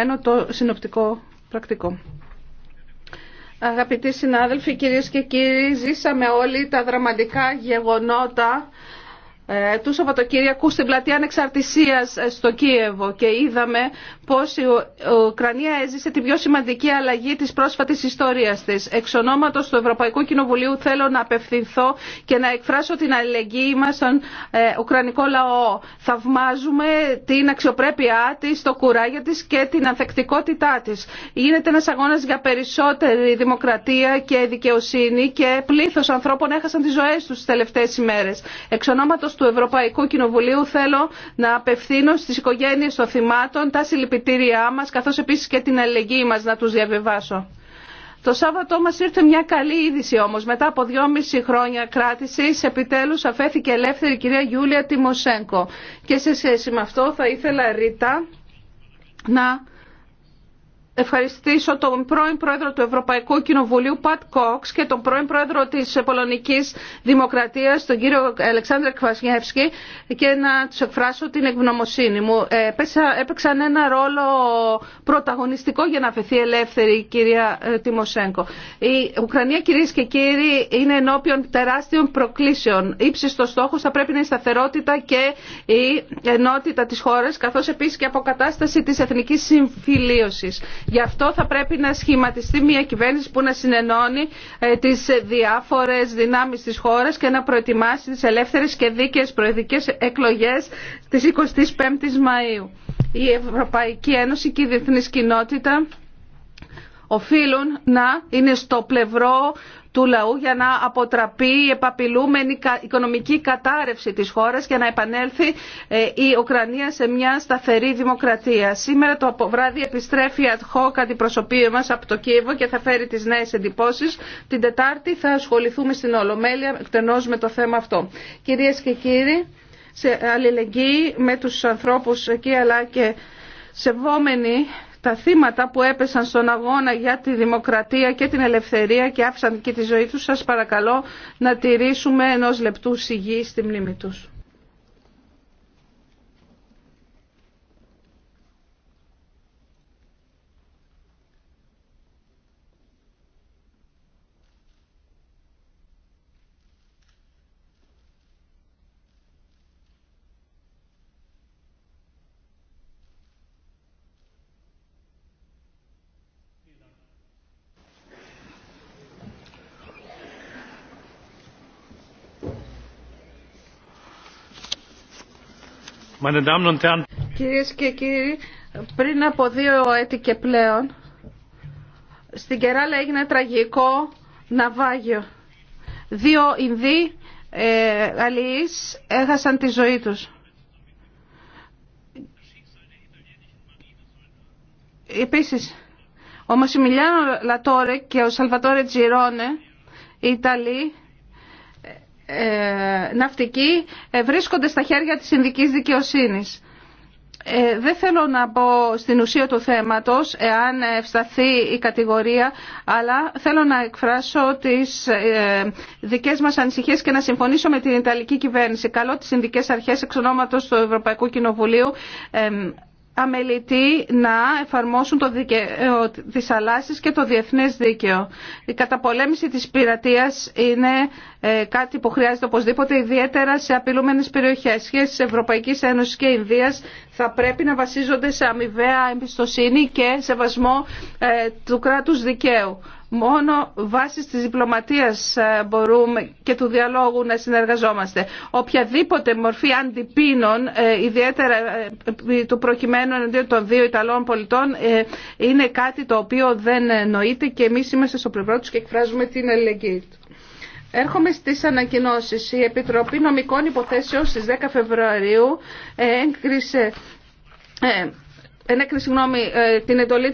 κείμενο το συνοπτικό πρακτικό. Αγαπητοί συνάδελφοι, κυρίες και κύριοι, ζήσαμε όλοι τα δραματικά γεγονότα ε, του Σαββατοκύριακου στην πλατεία Ανεξαρτησία ε, στο Κίεβο και είδαμε πω η Ουκρανία έζησε την πιο σημαντική αλλαγή τη πρόσφατη ιστορία τη. Εξ ονόματο του Ευρωπαϊκού Κοινοβουλίου θέλω να απευθυνθώ και να εκφράσω την αλληλεγγύη μα στον ε, Ουκρανικό λαό. Θαυμάζουμε την αξιοπρέπειά τη, το κουράγιο τη και την ανθεκτικότητά τη. Γίνεται ένα αγώνα για περισσότερη δημοκρατία και δικαιοσύνη και πλήθο ανθρώπων έχασαν τι ζωέ του τι τελευταίε ημέρε. Εξ του Ευρωπαϊκού Κοινοβουλίου θέλω να απευθύνω στις οικογένειες των θυμάτων τα συλληπιτήριά μας καθώς επίσης και την αλληλεγγύη μας να τους διαβιβάσω. Το Σάββατο μας ήρθε μια καλή είδηση όμως. Μετά από δυόμιση χρόνια κράτησης, επιτέλους αφέθηκε ελεύθερη η κυρία Γιούλια Τιμοσέγκο. Και σε σχέση με αυτό θα ήθελα Ρίτα, να ευχαριστήσω τον πρώην πρόεδρο του Ευρωπαϊκού Κοινοβουλίου, Πατ Κόξ, και τον πρώην πρόεδρο της Πολωνικής Δημοκρατίας, τον κύριο Αλεξάνδρε Κβασιεύσκη, και να τους εκφράσω την ευγνωμοσύνη μου. Ε, έπαιξαν ένα ρόλο πρωταγωνιστικό για να αφαιθεί ελεύθερη η κυρία ε, Τιμοσέγκο. Η Ουκρανία, κυρίε και κύριοι, είναι ενώπιον τεράστιων προκλήσεων. Ήψιστο στόχο θα πρέπει να είναι η σταθερότητα και η ενότητα τη χώρα, καθώ επίση και αποκατάσταση τη εθνική συμφιλίωση. Γι' αυτό θα πρέπει να σχηματιστεί μια κυβέρνηση που να συνενώνει ε, τις διάφορες δυνάμεις της χώρας και να προετοιμάσει τις ελεύθερες και δίκαιες προεδρικές εκλογές της 25ης Μαΐου. Η Ευρωπαϊκή Ένωση και η Διεθνή κοινότητα οφείλουν να είναι στο πλευρό του λαού για να αποτραπεί η επαπειλούμενη οικονομική κατάρρευση της χώρας και να επανέλθει ε, η Ουκρανία σε μια σταθερή δημοκρατία. Σήμερα το βράδυ επιστρέφει ad hoc αντιπροσωπείο μας από το Κίεβο και θα φέρει τις νέες εντυπώσεις. Την Τετάρτη θα ασχοληθούμε στην Ολομέλεια εκτενώς με το θέμα αυτό. Κυρίες και κύριοι, σε αλληλεγγύη με τους ανθρώπους εκεί αλλά και σεβόμενοι τα θύματα που έπεσαν στον αγώνα για τη δημοκρατία και την ελευθερία και άφησαν και τη ζωή τους, σας παρακαλώ να τηρήσουμε ενός λεπτού σιγή στη μνήμη τους. Κυρίες και κύριοι, πριν από δύο έτη και πλέον, στην Κεράλα έγινε τραγικό ναυάγιο. Δύο Ινδοί ε, έχασαν τη ζωή τους. Επίσης, ο Μασιμιλιάνο Λατόρε και ο Σαλβατόρε Τζιρόνε, Ιταλοί, ε, ναυτικοί ε, βρίσκονται στα χέρια της συνδικής Δικαιοσύνης. Ε, δεν θέλω να πω στην ουσία του θέματος, εάν ευσταθεί η κατηγορία, αλλά θέλω να εκφράσω τις ε, δικές μας ανησυχίες και να συμφωνήσω με την Ιταλική κυβέρνηση. Καλώ τις συνδικές Αρχές εξ ονόματος του Ευρωπαϊκού Κοινοβουλίου ε, αμελητή να εφαρμόσουν το δικαίω, ε, της και το διεθνές δίκαιο. Η καταπολέμηση της πειρατείας είναι ε, κάτι που χρειάζεται οπωσδήποτε ιδιαίτερα σε απειλούμενες περιοχές. Σχέσεις Ευρωπαϊκής Ένωσης και Ινδίας θα πρέπει να βασίζονται σε αμοιβαία εμπιστοσύνη και σεβασμό ε, του κράτους δικαίου. Μόνο βάσει της διπλωματίας ε, μπορούμε και του διαλόγου να συνεργαζόμαστε. Οποιαδήποτε μορφή αντιπίνων, ε, ιδιαίτερα ε, του προκειμένου εναντίον των δύο Ιταλών πολιτών, είναι κάτι το οποίο δεν νοείται και εμείς είμαστε στο πλευρό τους και εκφράζουμε την του. Έρχομαι στις ανακοινώσεις. Η Επιτροπή Νομικών Υποθέσεων στις 10 Φεβρουαρίου έγκρισε, ενέκρισε γνώμη, την εντολή